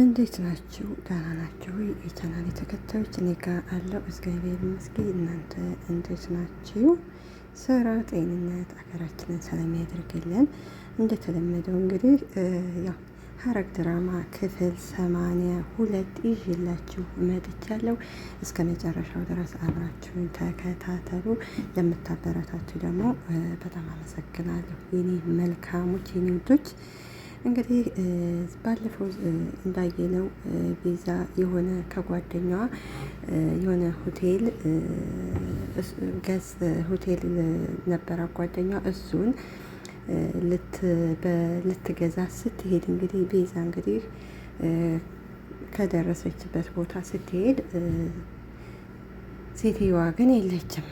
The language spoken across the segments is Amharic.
እንዴት ናችሁ? ደህና ናችሁ? የቻናል ተከታዮች እኔ ጋር አለው እግዚአብሔር ይመስገን። እናንተ እንዴት ናችሁ? ስራ፣ ጤንነት አገራችንን ሰላም ያደርግልን። እንደተለመደው እንግዲህ ያው ሐረግ ድራማ ክፍል ሰማንያ ሁለት ይዤላችሁ መጥቻለሁ። እስከ መጨረሻው ድረስ አብራችሁን ተከታተሉ። ለምታበረታችሁ ደግሞ በጣም አመሰግናለሁ የኔ መልካሞች የኔ ውዶች እንግዲህ ባለፈው እንዳየነው ቤዛ የሆነ ከጓደኛዋ የሆነ ሆቴል ገጽ ሆቴል ነበረ ጓደኛዋ እሱን ልትገዛ ስትሄድ እንግዲህ ቤዛ እንግዲህ ከደረሰችበት ቦታ ስትሄድ ሴትየዋ ግን የለችም።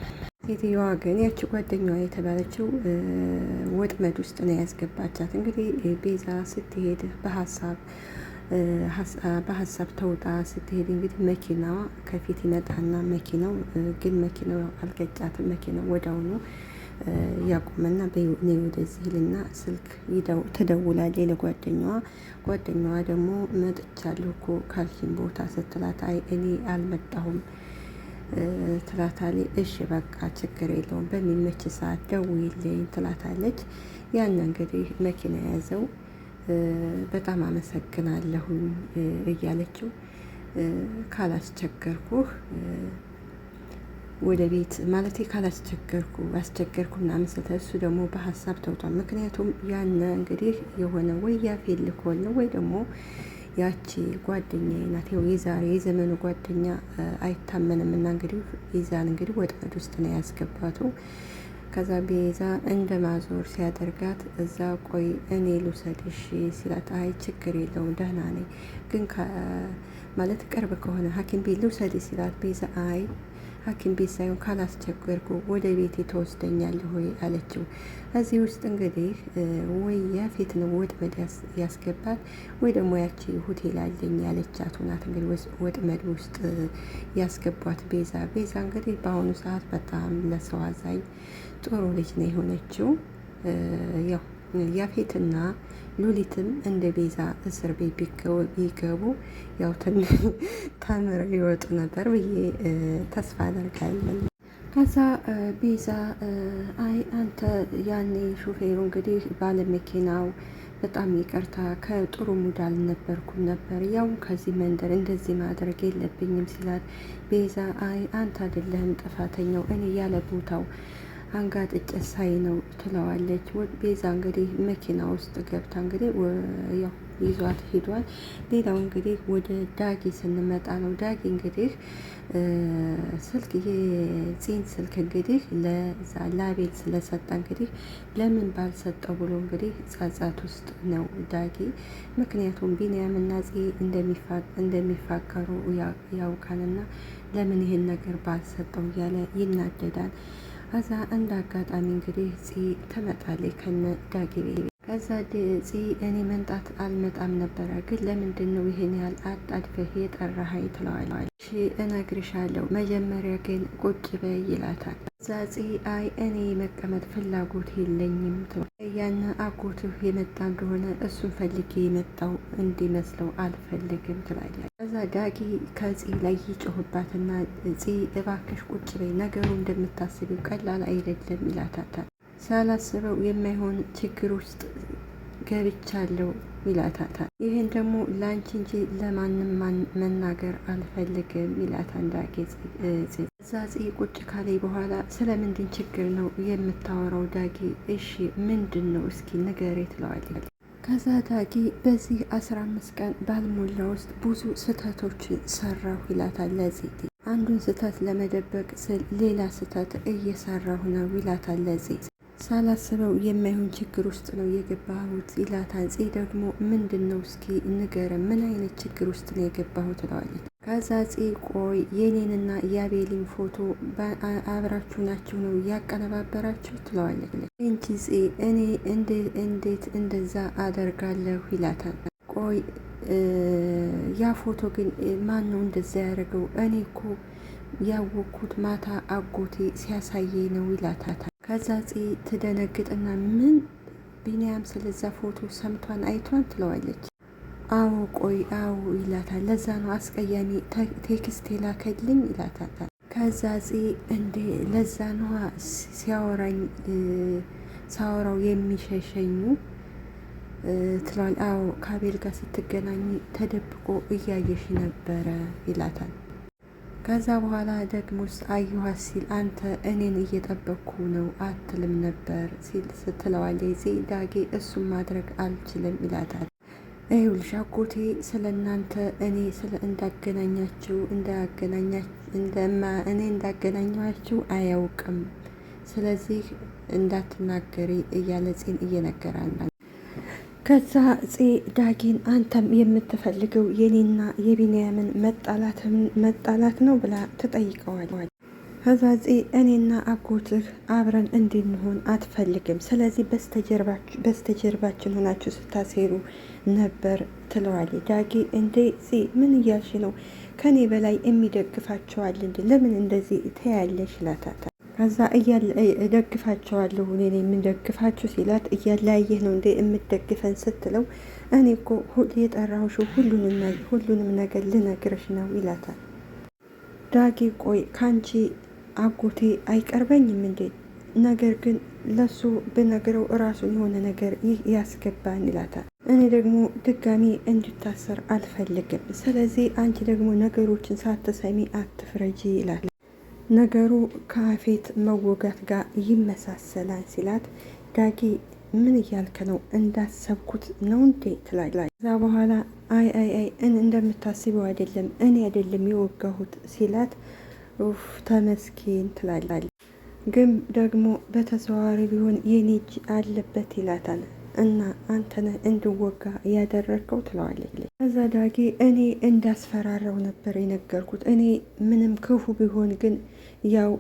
ሴትዮዋ ግን ያቺ ጓደኛዋ የተባለችው ወጥመድ ውስጥ ነው ያስገባቻት። እንግዲህ ቤዛ ስትሄድ በሀሳብ በሀሳብ ተውጣ ስትሄድ እንግዲህ መኪናዋ ከፊት ይመጣና መኪናው ግን መኪናው አልገጫትም። መኪናው ወዲያውኑ ያቆመና በኔ ወደዚህ ልና ስልክ ትደውላለች ለጓደኛዋ። ጓደኛዋ ደግሞ መጥቻለሁ እኮ ካልሽን ቦታ ስትላት አይ እኔ አልመጣሁም ትላታለች። እሺ በቃ ችግር የለውም በሚመች ሰዓት ደውይልኝ ትላታለች። ያን እንግዲህ መኪና የያዘው በጣም አመሰግናለሁኝ እያለችው ካላስቸገርኩህ ወደ ቤት ማለት ካላስቸገርኩ አስቸገርኩ ምናምን ስለ እሱ ደግሞ በሀሳብ ተውቷል። ምክንያቱም ያን እንግዲህ የሆነ ወይ ልኮል ነው ወይ ደግሞ ያቺ ጓደኛ ናት። ይኸው የዛሬ የዘመኑ ጓደኛ አይታመንም እና እንግዲህ ቤዛን እንግዲህ ወጥመድ ውስጥ ነው ያስገባቱ። ከዛ ቤዛ እንደ ማዞር ሲያደርጋት እዛ ቆይ እኔ ልውሰድሽ ሲላት አይ ችግር የለውም ደህና ነኝ፣ ግን ማለት ቅርብ ከሆነ ሐኪም ቤት ልውሰድ ሲላት ቤዛ አይ ሐኪም ቤት ሳይሆን ካላስቸገርኩ ወደ ቤቴ ተወስደኛለሁ ወይ አለችው። እዚህ ውስጥ እንግዲህ ወይ ያፌት ነው ወጥመድ ያስገባት ወይ ደግሞ ያቺ ሆቴል አለኝ ያለቻት ናት እንግዲህ ወጥመድ ውስጥ ያስገቧት ቤዛ። ቤዛ እንግዲህ በአሁኑ ሰዓት በጣም ለሰው አዛኝ ጥሩ ልጅ ነው የሆነችው ያው ያፌትና ሉሊትም እንደ ቤዛ እስር ቤት ቢገቡ ያው ተምረው ይወጡ ነበር ብዬ ተስፋ አደርጋለን። ከዛ ቤዛ አይ አንተ ያኔ ሹፌሩ እንግዲህ ባለመኪናው በጣም ይቅርታ ከጥሩ ሙድ አልነበርኩም ነበር፣ ያው ከዚህ መንደር እንደዚህ ማድረግ የለብኝም ሲላት ቤዛ አይ አንተ አይደለህም ጥፋተኛው እኔ ያለ ቦታው አንጋጥጬ ሳይ ነው ትለዋለች። ቤዛ እንግዲህ መኪና ውስጥ ገብታ እንግዲህ ያው ይዟት ሄዷል። ሌላው እንግዲህ ወደ ዳጊ ስንመጣ ነው ዳጊ እንግዲህ ስልክ የፂን ስልክ እንግዲህ ላቤል ስለሰጠ እንግዲህ ለምን ባልሰጠው ብሎ እንግዲህ ጸጸት ውስጥ ነው ዳጊ። ምክንያቱም ቢንያምና ፂ እንደሚፋቀሩ ያውቃልና ለምን ይህን ነገር ባልሰጠው እያለ ይናደዳል። ከዛ እንደ አጋጣሚ እንግዲህ ፂ ትመጣለች ከነ ዳጊ ከዛ ፅ እኔ መምጣት አልመጣም ነበረ፣ ግን ለምንድን ነው ያል ያህል አጣድፈህ የጠራኸኝ? ትለዋለች። እሺ እነግርሻለሁ፣ መጀመሪያ ግን ቁጭ በይ ይላታል። ከዛ አይ እኔ መቀመጥ ፍላጎት የለኝም ትለዋለች። ያን አጎትህ የመጣ እንደሆነ እሱን ፈልጌ የመጣው እንዲመስለው አልፈልግም ትላለች። ከዛ ዳጊ ከፂ ላይ ይጮህባትና ፅ እባክሽ ቁጭ በይ፣ ነገሩ እንደምታስቢው ቀላል አይደለም ይላታታል። ሳላስበው የማይሆን ችግር ውስጥ ገብቻለሁ ይላታታል። ይህን ደግሞ ለአንቺ እንጂ ለማንም መናገር አልፈልግም ይላታል። ዳጌ ዛጽ ቁጭ ካላይ በኋላ ስለምንድን ችግር ነው የምታወራው ዳጊ? እሺ ምንድን ነው እስኪ ንገሬ ትለዋል። ከዛ ዳጊ በዚህ አስራ አምስት ቀን ባልሞላ ውስጥ ብዙ ስህተቶች ሰራሁ ይላታል ለፄ። አንዱን ስህተት ለመደበቅ ስል ሌላ ስህተት እየሰራሁ ነው ይላታል ለፄ ሳላስበው የማይሆን ችግር ውስጥ ነው የገባሁት ይላታል። ጽ ደግሞ ምንድን ነው እስኪ ንገረ ምን አይነት ችግር ውስጥ ነው የገባሁት ትለዋለች። ከዛ ጽ ቆይ የኔንና የአቤሊን ፎቶ አብራችሁ ናችሁ ነው እያቀነባበራችሁ ትለዋለች። እንቺ ጽ እኔ እንዴት እንደዛ አደርጋለሁ ይላታል። ቆይ ያ ፎቶ ግን ማን ነው እንደዛ ያደረገው? እኔ እኮ ያወቅኩት ማታ አጎቴ ሲያሳየ ነው ይላታታል። ከዛ ፂ ትደነግጥና ምን ቢንያም ስለዛ ፎቶ ሰምቷን አይቷን ትለዋለች። አዎ ቆይ አዎ ይላታል። ለዛ ነው አስቀያሚ ቴክስት የላከልኝ ይላታል። ከዛ ፂ እንዴ ለዛ ነዋ ሲያወራኝ ሳወራው የሚሸሸኙ ትለዋል። አዎ ከአቤል ጋር ስትገናኝ ተደብቆ እያየሽ ነበረ ይላታል። ከዛ በኋላ ደግሞ አየኋት ሲል አንተ እኔን እየጠበቅኩ ነው አትልም ነበር ሲል ስትለዋለች ዳጌ እሱን ማድረግ አልችልም ይላታል። ይኸውልሽ አጎቴ ስለ እናንተ እኔ ስለ እንዳገናኛችሁ እኔ እንዳገናኛችሁ አያውቅም፣ ስለዚህ እንዳትናገሪ እያለ ፂን እየነገራናል። ከዛ ፄ ዳጊን አንተም የምትፈልገው የኔና የቢንያምን መጣላት ነው ብላ ትጠይቀዋል። ከዛ ፄ እኔና አጎትህ አብረን እንድንሆን አትፈልግም፣ ስለዚህ በስተጀርባችን ሆናችሁ ስታሴሩ ነበር ትለዋል። ዳጊ እንዴ ፄ ምን እያልሽ ነው? ከኔ በላይ የሚደግፋቸዋል እንዴ? ለምን እንደዚህ ተያለሽ? ይላታታል። ከዛ እደግፋቸዋለሁ እኔ ነኝ የምንደግፋችሁ ሲላት እያለያየህ ነው እንዴ የምደግፈን ስትለው እኔ እኮ የጠራሁሽ ሁሉንም ነገር ልነግርሽ ነው ይላታል። ዳጊ ቆይ ካንቺ አጎቴ አይቀርበኝም እንዴ? ነገር ግን ለሱ ብነግረው እራሱን የሆነ ነገር ይህ ያስገባን ይላታል። እኔ ደግሞ ድጋሚ እንድታሰር አልፈልግም። ስለዚህ አንቺ ደግሞ ነገሮችን ሳትሰሚ አትፍረጂ ይላል። ነገሩ ከአፌት መወጋት ጋር ይመሳሰላል ሲላት፣ ዳጌ ምን እያልከ ነው? እንዳሰብኩት ነው እንዴ ትላለች። ከዛ በኋላ አይ አይ አይ እንደምታስበው አይደለም እኔ አይደለም የወጋሁት ሲላት፣ ኡፍ ተመስኪን ትላላል። ግን ደግሞ በተዘዋዋሪ ቢሆን የኔ እጅ አለበት ይላታል። እና አንተነ እንድወጋ ያደረግከው ትለዋለች። ከዛ ዳጌ እኔ እንዳስፈራረው ነበር የነገርኩት እኔ ምንም ክፉ ቢሆን ግን ያው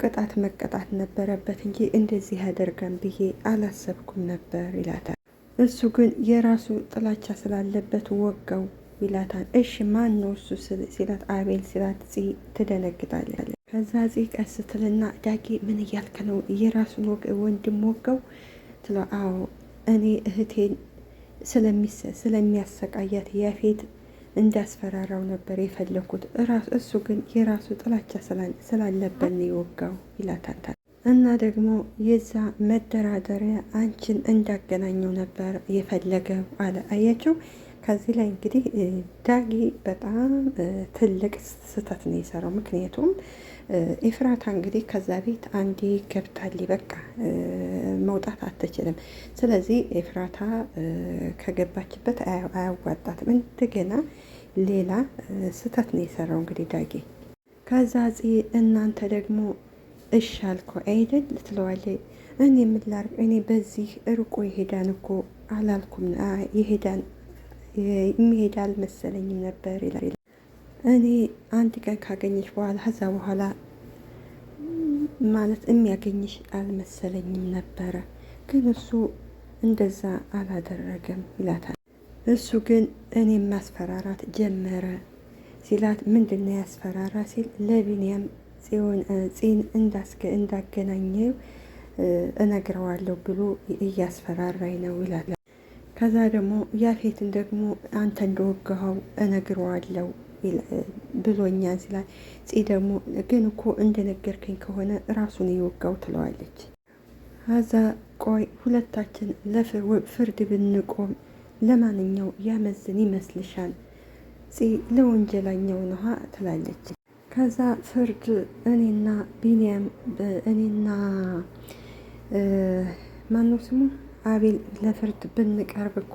ቅጣት መቀጣት ነበረበት እንጂ እንደዚህ ያደርገን ብዬ አላሰብኩም ነበር ይላታል። እሱ ግን የራሱ ጥላቻ ስላለበት ወጋው ይላታል። እሺ ማን ነው እሱ ሲላት አቤል ሲላት ጽ ትደነግጣለች። ከዛ ጽ ቀስትልና ዳጌ ምን እያልከ ነው? የራሱን ወንድም ወጋው ትለ አዎ እኔ እህቴን ስለሚያሰቃያት ያፌት እንዳስፈራራው ነበር የፈለኩት። እሱ ግን የራሱ ጥላቻ ስላለብን ነው የወጋው ይላታል። እና ደግሞ የዛ መደራደሪያ አንቺን እንዳገናኘው ነበር የፈለገው አለ። አያቸው ከዚህ ላይ እንግዲህ ዳጊ በጣም ትልቅ ስህተት ነው የሰራው። ምክንያቱም ኤፍራታ እንግዲህ ከዛ ቤት አንዴ ገብታል፣ በቃ መውጣት አትችልም። ስለዚህ ኤፍራታ ከገባችበት አያዋጣትም። እንደገና ሌላ ስህተት ነው የሰራው እንግዲህ ዳጊ። ከዛ ጽ እናንተ ደግሞ እሺ አልኮ አይደል ትለዋለች። እኔ የምላር እኔ በዚህ እርቆ የሄዳን እኮ አላልኩም ይሄዳን የሚሄድ አልመሰለኝም ነበር ይላል። እኔ አንድ ቀን ካገኘሽ በኋላ ከዛ በኋላ ማለት የሚያገኝሽ አልመሰለኝም ነበረ፣ ግን እሱ እንደዛ አላደረገም ይላታል። እሱ ግን እኔ ማስፈራራት ጀመረ ሲላት፣ ምንድን ነው ያስፈራራ ሲል ለቢንያም እንዳስገ እንዳገናኘው እነግረዋለሁ ብሎ እያስፈራራኝ ነው ይላል። ከዛ ደግሞ ያፌትን ደግሞ አንተ እንደወገኸው እነግረዋለው ብሎኛል ሲላል ጽ ደግሞ ግን እኮ እንደነገርከኝ ከሆነ ራሱን የወጋው ትለዋለች። አዛ ቆይ ሁለታችን ለፍርድ ብንቆም ለማንኛው ያመዝን ይመስልሻል? ጽ ለወንጀላኛው ነሀ ትላለች። ከዛ ፍርድ እኔና ቢንያም እኔና ማነው ስሙ አቤል ለፍርድ ብንቀርብ እኮ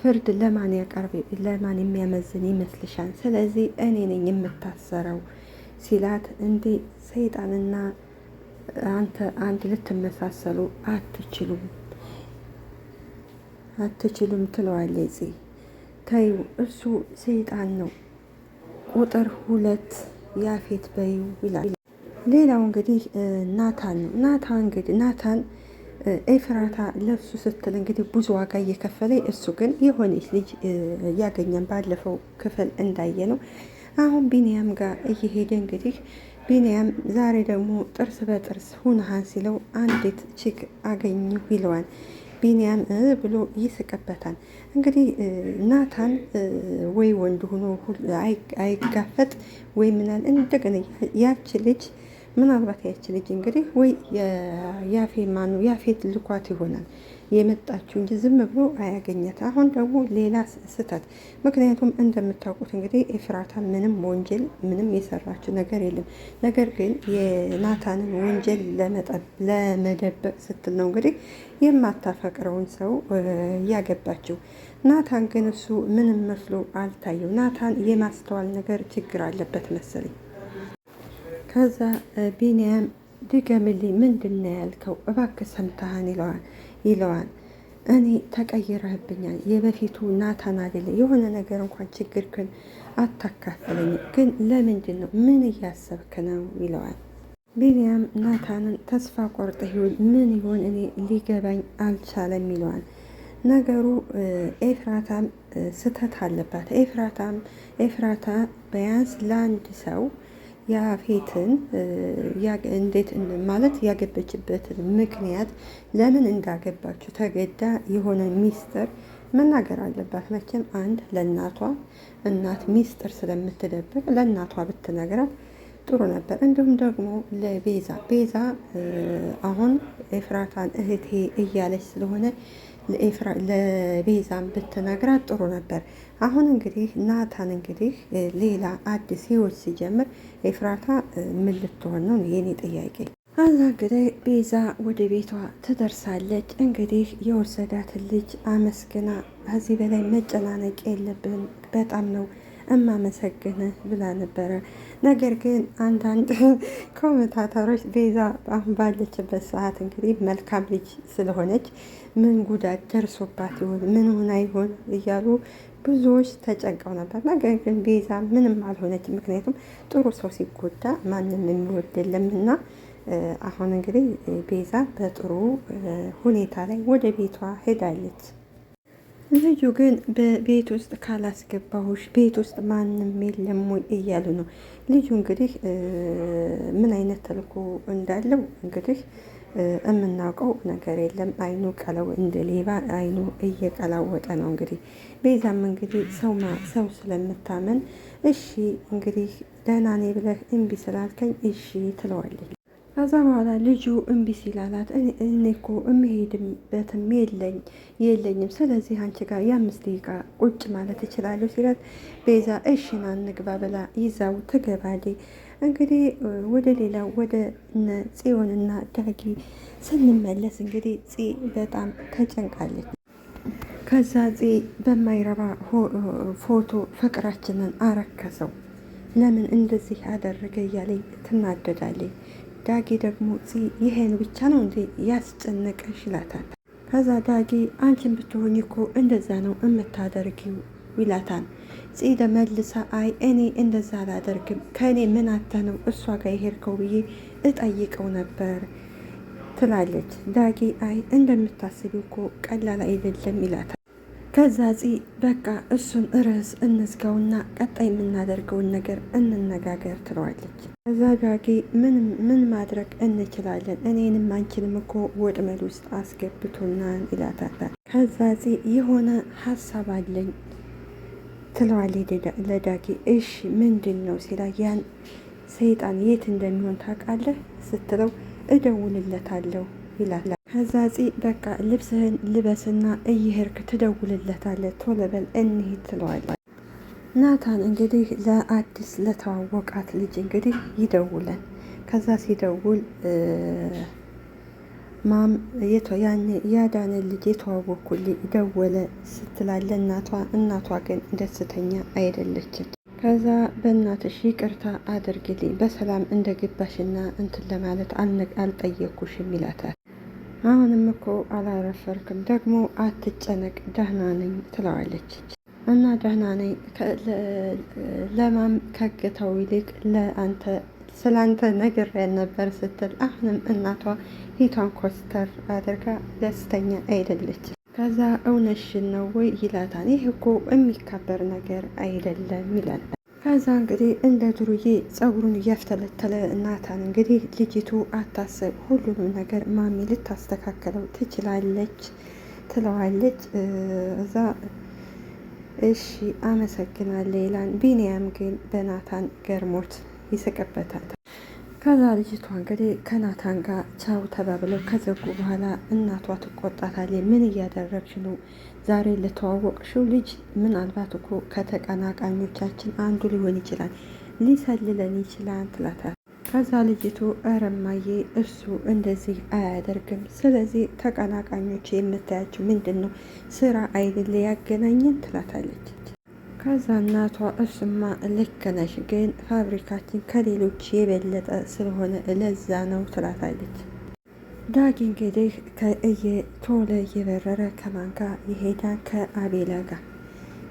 ፍርድ ለማን ያቀርብ ለማን የሚያመዝን ይመስልሻል? ስለዚህ እኔ ነኝ የምታሰረው ሲላት፣ እንዴ ሰይጣንና አንተ አንድ ልትመሳሰሉ አትችሉም አትችሉም ትለዋለች። ተዩ እሱ ሰይጣን ነው። ቁጥር ሁለት ያፌት በይው ይላል። ሌላው እንግዲህ ናታን ነው። ናታን እንግዲህ ናታን ኤፍራታ ለብሱ ስትል እንግዲህ ብዙ ዋጋ እየከፈለ እሱ ግን የሆነች ልጅ ያገኘን ባለፈው ክፍል እንዳየ ነው። አሁን ቢንያም ጋር እየሄደ እንግዲህ ቢንያም ዛሬ ደግሞ ጥርስ በጥርስ ሁንሃን ሲለው አንዲት ችግ አገኙ ይለዋል። ቢንያም ብሎ ይስቅበታል። እንግዲህ ናታን ወይ ወንድ ሆኖ አይጋፈጥ ወይ ምናል እንደገና ያች ልጅ ምናልባት ያች ልጅ እንግዲህ ወይ ያፌት ማኑ ያፌት ልኳት ይሆናል የመጣችው እንጂ ዝም ብሎ አያገኘት። አሁን ደግሞ ሌላ ስህተት። ምክንያቱም እንደምታውቁት እንግዲህ ኤፍራታ ምንም ወንጀል ምንም የሰራችው ነገር የለም። ነገር ግን የናታንን ወንጀል ለመደበቅ ስትል ነው እንግዲህ የማታፈቅረውን ሰው እያገባችው። ናታን ግን እሱ ምንም መስሎ አልታየው። ናታን የማስተዋል ነገር ችግር አለበት መሰለኝ። ከዛ ቢንያም ድገምልኝ፣ ምንድን ነው ያልከው? እባክህ ሰምተሃን ይለዋል። እኔ ተቀይረህብኛል። የበፊቱ ናታን አይደለ። የሆነ ነገር እንኳን ችግር ክን አታካፍለኝ፣ ግን ለምንድን ነው? ምን እያሰብክ ነው ይለዋል። ቢንያም ናታንን ተስፋ ቆርጥ ይሁን ምን ይሆን እኔ ሊገባኝ አልቻለም ይለዋል። ነገሩ ኤፍራታም ስህተት አለባት። ኤፍራታም ኤፍራታ ቢያንስ ለአንድ ሰው ያፌትን እንዴት ማለት ያገበችበትን ምክንያት ለምን እንዳገባችው ተገዳ የሆነ ሚስጥር መናገር አለባት። መቼም አንድ ለእናቷ እናት ሚስጥር ስለምትደብቅ ለእናቷ ብትነግራት ጥሩ ነበር። እንዲሁም ደግሞ ለቤዛ ቤዛ አሁን ኤፍራታን እህቴ እያለች ስለሆነ ለቤዛም ብትነግራት ጥሩ ነበር። አሁን እንግዲህ ናታን እንግዲህ ሌላ አዲስ ህይወት ሲጀምር ኤፍራታ ምን ልትሆን ነው የኔ ጥያቄ። አዛ እንግዲህ ቤዛ ወደ ቤቷ ትደርሳለች። እንግዲህ የወሰዳትን ልጅ አመስግና ከዚህ በላይ መጨናነቅ የለብን በጣም ነው እማመሰግንህ ብላ ነበረ። ነገር ግን አንዳንድ ኮመንታተሮች ቤዛ አሁን ባለችበት ሰዓት እንግዲህ መልካም ልጅ ስለሆነች ምን ጉዳት ደርሶባት ይሆን ምን ሆና ይሆን እያሉ ብዙዎች ተጨንቀው ነበር። ነገር ግን ቤዛ ምንም አልሆነች። ምክንያቱም ጥሩ ሰው ሲጎዳ ማንም የሚወድ የለም እና አሁን እንግዲህ ቤዛ በጥሩ ሁኔታ ላይ ወደ ቤቷ ሄዳለች። ልጁ ግን በቤት ውስጥ ካላስገባሁሽ ቤት ውስጥ ማንም የለም ወይ እያሉ ነው። ልጁ እንግዲህ ምን አይነት ተልእኮ እንዳለው እንግዲህ የምናውቀው ነገር የለም። አይኑ ቀለው እንደ ሌባ አይኑ እየቀላወጠ ነው። እንግዲህ ቤዛም እንግዲህ ሰው ስለምታመን እሺ እንግዲህ ደህና ነኝ ብለህ እምቢ ስላልከኝ እሺ ትለዋለች። ከዛ በኋላ ልጁ እምቢ ሲላላት እኔ እኮ የምሄድበትም የለኝ የለኝም ስለዚህ አንቺ ጋር የአምስት ደቂቃ ቁጭ ማለት እችላለሁ ሲላት ቤዛ እሽና እንግባ ብላ ይዛው ትገባለች። እንግዲህ ወደ ሌላ ወደ ጽዮንና ዳጊ ስንመለስ እንግዲህ ጽ በጣም ተጨንቃለች። ከዛ ጽ በማይረባ ፎቶ ፍቅራችንን አረከሰው ለምን እንደዚህ አደረገ እያለኝ ትናደዳለች። ዳጊ ደግሞ ይሄን ብቻ ነው እንዴ ያስጨነቀሽ ይላታል። ከዛ ዳጊ አንቺን ብትሆኝ እኮ እንደዛ ነው የምታደርጊው ይላታል። ጽደ ደመልሳ አይ እኔ እንደዛ አላደርግም፣ ከእኔ ምን አተ ነው እሷ ጋር የሄድከው ብዬ እጠይቀው ነበር ትላለች። ዳጊ አይ እንደምታስቢው እኮ ቀላል አይደለም ይላታል። ከዛ ፂ በቃ እሱን ርዕስ እንዝጋውና ቀጣይ የምናደርገውን ነገር እንነጋገር ትለዋለች። ከዛ ምን ማድረግ እንችላለን? እኔንም አንችንም እኮ ወጥመድ ውስጥ አስገብቶናል ይላታታል። ከዛ የሆነ ሀሳብ አለኝ ትለዋለች ለዳጊ። እሺ ምንድን ነው ሲላ ያን ሰይጣን የት እንደሚሆን ታውቃለህ ስትለው እደውልለታለሁ ይላል። ከዛ ፂ በቃ ልብስህን ልበስና እየሄድክ ትደውልለታለህ፣ ቶሎ በል እንሂድ ትለዋለች። ናታን እንግዲህ ለአዲስ ለተዋወቃት ልጅ እንግዲህ ይደውላል። ከዛ ሲደውል ማም ያኔ ያዳነ ልጅ የተዋወቅኩልኝ ደወለ ስትላለ እናቷ እናቷ ግን ደስተኛ አይደለችም። ከዛ በእናትሽ ይቅርታ አድርግልኝ በሰላም እንደ ግባሽና እንትን ለማለት አልጠየኩሽም ይላታል። አሁንም እኮ አላረፈርክም፣ ደግሞ አትጨነቅ፣ ደህና ነኝ ትለዋለች እና ደህና ነኝ ለማም ከግተው ይልቅ ለአንተ ስላንተ ነገር ነበር ስትል አሁንም እናቷ ሂቷን ኮስተር አድርጋ ደስተኛ አይደለች። ከዛ እውነሽን ነው ወይ ይላታል። ይህ እኮ የሚካበር ነገር አይደለም ይላል ከዛ እንግዲህ እንደ ድሩዬ ጸጉሩን እያፍተለተለ ናታን እንግዲህ ልጅቱ አታስብ፣ ሁሉንም ነገር ማሚ ልታስተካከለው ትችላለች ትለዋለች። እዛ እሺ አመሰግናለ ይላን። ቢንያም ግን በናታን ገርሞት ይስቅበታል። ከዛ ልጅቷ እንግዲህ ከናታን ጋር ቻው ተባብለው ከዘጉ በኋላ እናቷ ትቆጣታለች። ምን እያደረግሽ ነው? ዛሬ ለተዋወቅሽው ልጅ ምናልባት እኮ ከተቀናቃኞቻችን አንዱ ሊሆን ይችላል፣ ሊሰልለን ይችላል ትላታል። ከዛ ልጅቱ እረማዬ እሱ እንደዚህ አያደርግም። ስለዚህ ተቀናቃኞች የምታያቸው ምንድን ነው ስራ አይደል ያገናኘን ትላታለች። ከዛ እናቷ እሱማ ልክ ነሽ፣ ግን ፋብሪካችን ከሌሎች የበለጠ ስለሆነ ለዛ ነው ትላታለች። ዳጊ እንግዲህ ቶሎ እየበረረ ከማንጋ ጋር ይሄዳል? ከአቤላ ጋር።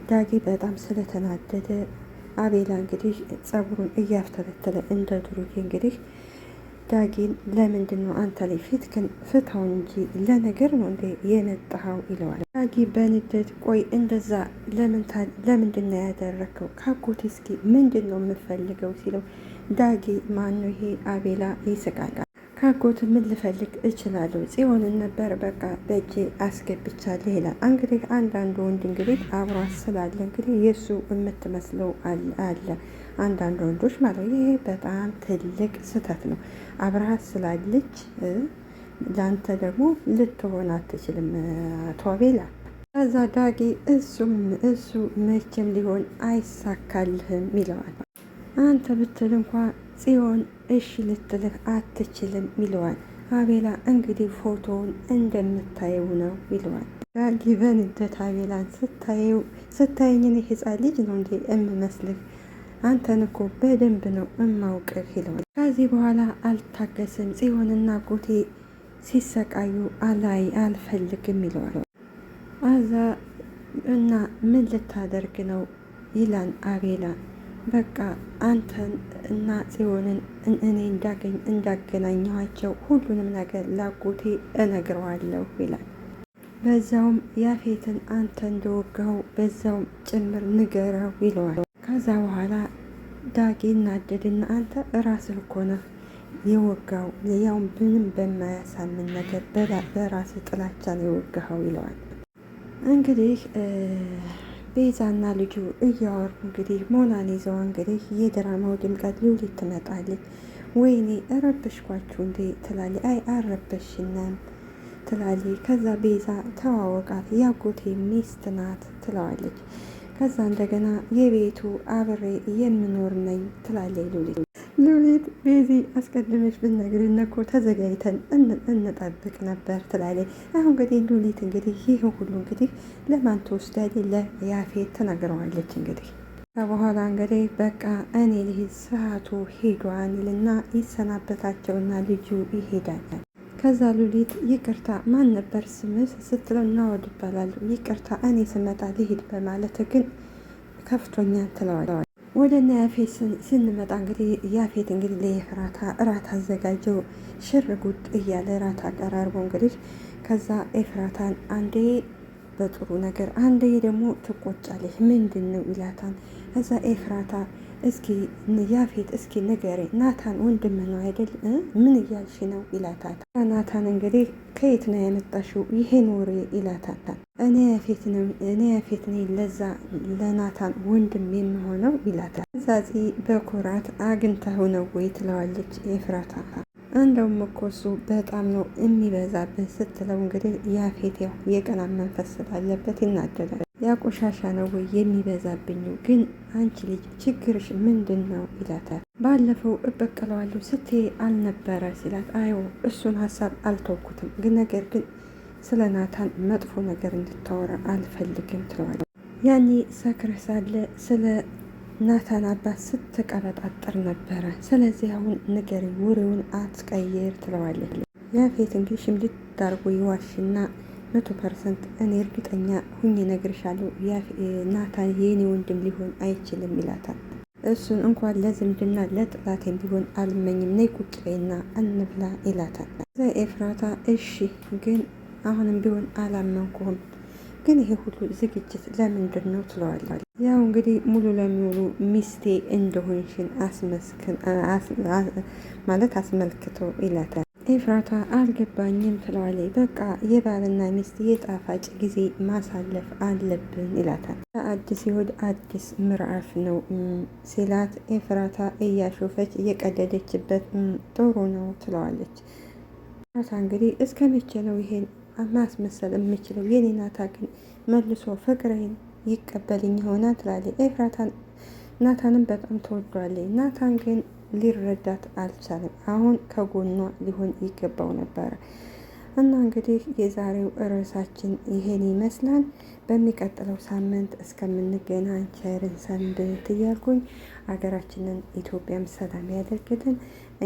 ዳጊ በጣም ስለተናደደ አቤላ እንግዲህ ጸጉሩን እያፍተለተለ እንደ ድሩጌ እንግዲህ ዳጊን ለምንድን ነው አንተ ላይ ፊት ግን ፍታው እንጂ ለነገር ነው እንዴ የነጣኸው? ይለዋል ዳጊ በንዴት ቆይ እንደዛ ለምንድን ነው ያደረግከው? ካጎቴ እስኪ ምንድን ነው የምፈልገው? ሲለው ዳጊ ማነው ይሄ አቤላ ይስቃል? ካጎት ምን ልፈልግ እችላለሁ? ጽዮንን ነበር በቃ በእጄ አስገብቻለሁ ይላል። እንግዲህ አንዳንዱ ወንድ እንግዲህ አብሯት ስላለ እንግዲህ የእሱ የምትመስለው አለ። አንዳንድ ወንዶች ማለት ይሄ በጣም ትልቅ ስህተት ነው። አብርሃት ስላለች ለአንተ ደግሞ ልትሆን አትችልም ቶቤላ ከዛ ዳጊ እሱም እሱ መቼም ሊሆን አይሳካልህም ይለዋል። አንተ ብትል እንኳ ጽዮን እሺ ልትልህ አትችልም ይለዋል። አቤላ እንግዲህ ፎቶውን እንደምታየው ነው ይለዋል። ጊቨን ደት አቤላን ስታየው ስታየኝን ሕፃን ልጅ ነው እንዴ እምመስልህ? አንተን እኮ በደንብ ነው እማውቅህ ይለዋል። ከዚህ በኋላ አልታገስም፣ ጽዮንና ጎቴ ሲሰቃዩ አላይ አልፈልግም ይለዋል። አዛ እና ምን ልታደርግ ነው ይላን አቤላ በቃ አንተን እና ጽዮንን እኔ እንዳገኝ እንዳገናኘኋቸው ሁሉንም ነገር ላጎቴ እነግረዋለሁ ይላል። በዛውም ያፌትን አንተ እንደወጋው በዛውም ጭምር ንገረው ይለዋል። ከዛ በኋላ ዳጌ እናደድና አንተ ራስህ እኮ ነህ የወጋው ያውም ምንም በማያሳምን ነገር በራስህ ጥላቻ ነው የወጋኸው ይለዋል። እንግዲህ ቤዛና ልጁ እያወሩ እንግዲህ ሞናሊዛዋ እንግዲህ የድራማው ድምቀት ሉሊት ትመጣለች። ወይኔ ረበሽኳችሁ እንዴ ትላለች። አይ አረበሽናም ትላለች። ከዛ ቤዛ ተዋወቃት ያጎቴ ሚስት ናት ትለዋለች። ከዛ እንደገና የቤቱ አብሬ የምኖር ነኝ ትላለች ሉሊት ሉሊት ቤዚ አስቀድመሽ ብትነግሪን እኮ ተዘጋጅተን እንጠብቅ ነበር ትላለች። አሁን እንግዲህ ሉሊት እንግዲህ ይህ ሁሉ እንግዲህ ለማን ተወስዳል? ለያፌት ተናግረዋለች። እንግዲህ ከበኋላ እንግዲህ በቃ እኔ ልሂድ ሰዓቱ ሄዷን ይልና ይሰናበታቸውና ልጁ ይሄዳል። ከዛ ሉሊት ይቅርታ ማን ነበር ስምህ ስትለው እናወድ ይባላሉ። ይቅርታ እኔ ስመጣ ልሂድ በማለት ግን ከፍቶኛ ትለዋለች። ወደ እነ ያፌት ስንመጣ እንግዲህ ያፌት እንግዲህ ለኤፍራታ እራት አዘጋጀው። ሽር ጉድ እያለ እራት አቀራርቦ እንግዲህ ከዛ ኤፍራታን አንዴ በጥሩ ነገር አንዴ ደግሞ ትቆጫለች። ምንድን ነው ይላታን። ከዛ ኤፍራታ እስኪ ያፌት እስኪ ንገሪ፣ ናታን ወንድም ነው አይደል? ምን እያልሽ ነው ይላታል። ናታን እንግዲህ ከየት ነው ያመጣሽው ይሄን ወሬ ይላታታል። እኔ ያፌት ነኝ ለዛ ለናታን ወንድም የምሆነው ይላታል። ዛዚ በኩራት አግኝተህ ነው ወይ ትለዋለች ኤፍራታ። እንደውም እኮ እሱ በጣም ነው የሚበዛብህ ስትለው እንግዲህ ያፌት ያው መንፈስ ስላለበት ይናደዳል። ያ ቆሻሻ ነው ወይ የሚበዛብኝ? ግን አንቺ ልጅ ችግርሽ ምንድን ነው ይላታል። ባለፈው እበቀለዋለሁ ስትይ አልነበረ ሲላት፣ አዮ እሱን ሀሳብ አልተውኩትም፣ ግን ነገር ግን ስለ ናታን መጥፎ ነገር እንድታወራ አልፈልግም ትለዋል። ያኔ ሰክረህ ሳለ ስለ ናታን አባት ስትቀበጣጠር ነበረ። ስለዚህ አሁን ንገሪ፣ ወሬውን አትቀይር ትለዋለች። ያፌት እንግዲህ ሽምድድ አድርጎ ይዋሽና መቶ ፐርሰንት እኔ እርግጠኛ ሁኝ ነግርሻለሁ፣ ናታን የኔ ወንድም ሊሆን አይችልም ይላታል። እሱን እንኳን ለዝምድና ለጥላቴም ቢሆን አልመኝም፣ ነይ ቁጭ በይና እንብላ ይላታል። እዛ ኤፍራታ እሺ፣ ግን አሁንም ቢሆን አላመንኩህም፣ ግን ይሄ ሁሉ ዝግጅት ለምንድን ነው ትለዋለች። ያው እንግዲህ ሙሉ ለሙሉ ሚስቴ እንደሆንሽን ማለት አስመልክቶ ይላታል። ኤፍራታ አልገባኝም ትለዋለች። በቃ የባልና ሚስት የጣፋጭ ጊዜ ማሳለፍ አለብን ይላታል። አዲስ ይሁድ አዲስ ምዕራፍ ነው ሲላት ኤፍራታ እያሾፈች እየቀደደችበት ጥሩ ነው ትለዋለች። ኤፍራታ እንግዲህ እስከ መቼ ነው ይሄን ማስመሰል የምችለው? የኔ ናታ ግን መልሶ ፍቅሬን ይቀበልኝ ይሆናል ትላለች። ኤፍራታ ናታንም በጣም ተወዷለች። ናታን ግን ሊረዳት አልቻለም። አሁን ከጎኗ ሊሆን ይገባው ነበረ። እና እንግዲህ የዛሬው ርዕሳችን ይሄን ይመስላል። በሚቀጥለው ሳምንት እስከምንገናኝ ቸርን ሰንብት እያልኩኝ ሀገራችንን ኢትዮጵያም ሰላም ያደርግልን።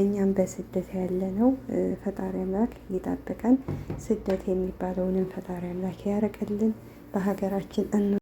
እኛም በስደት ያለነው ፈጣሪ አምላክ ይጠብቀን። ስደት የሚባለውንም ፈጣሪ አምላክ ያረቅልን። በሀገራችን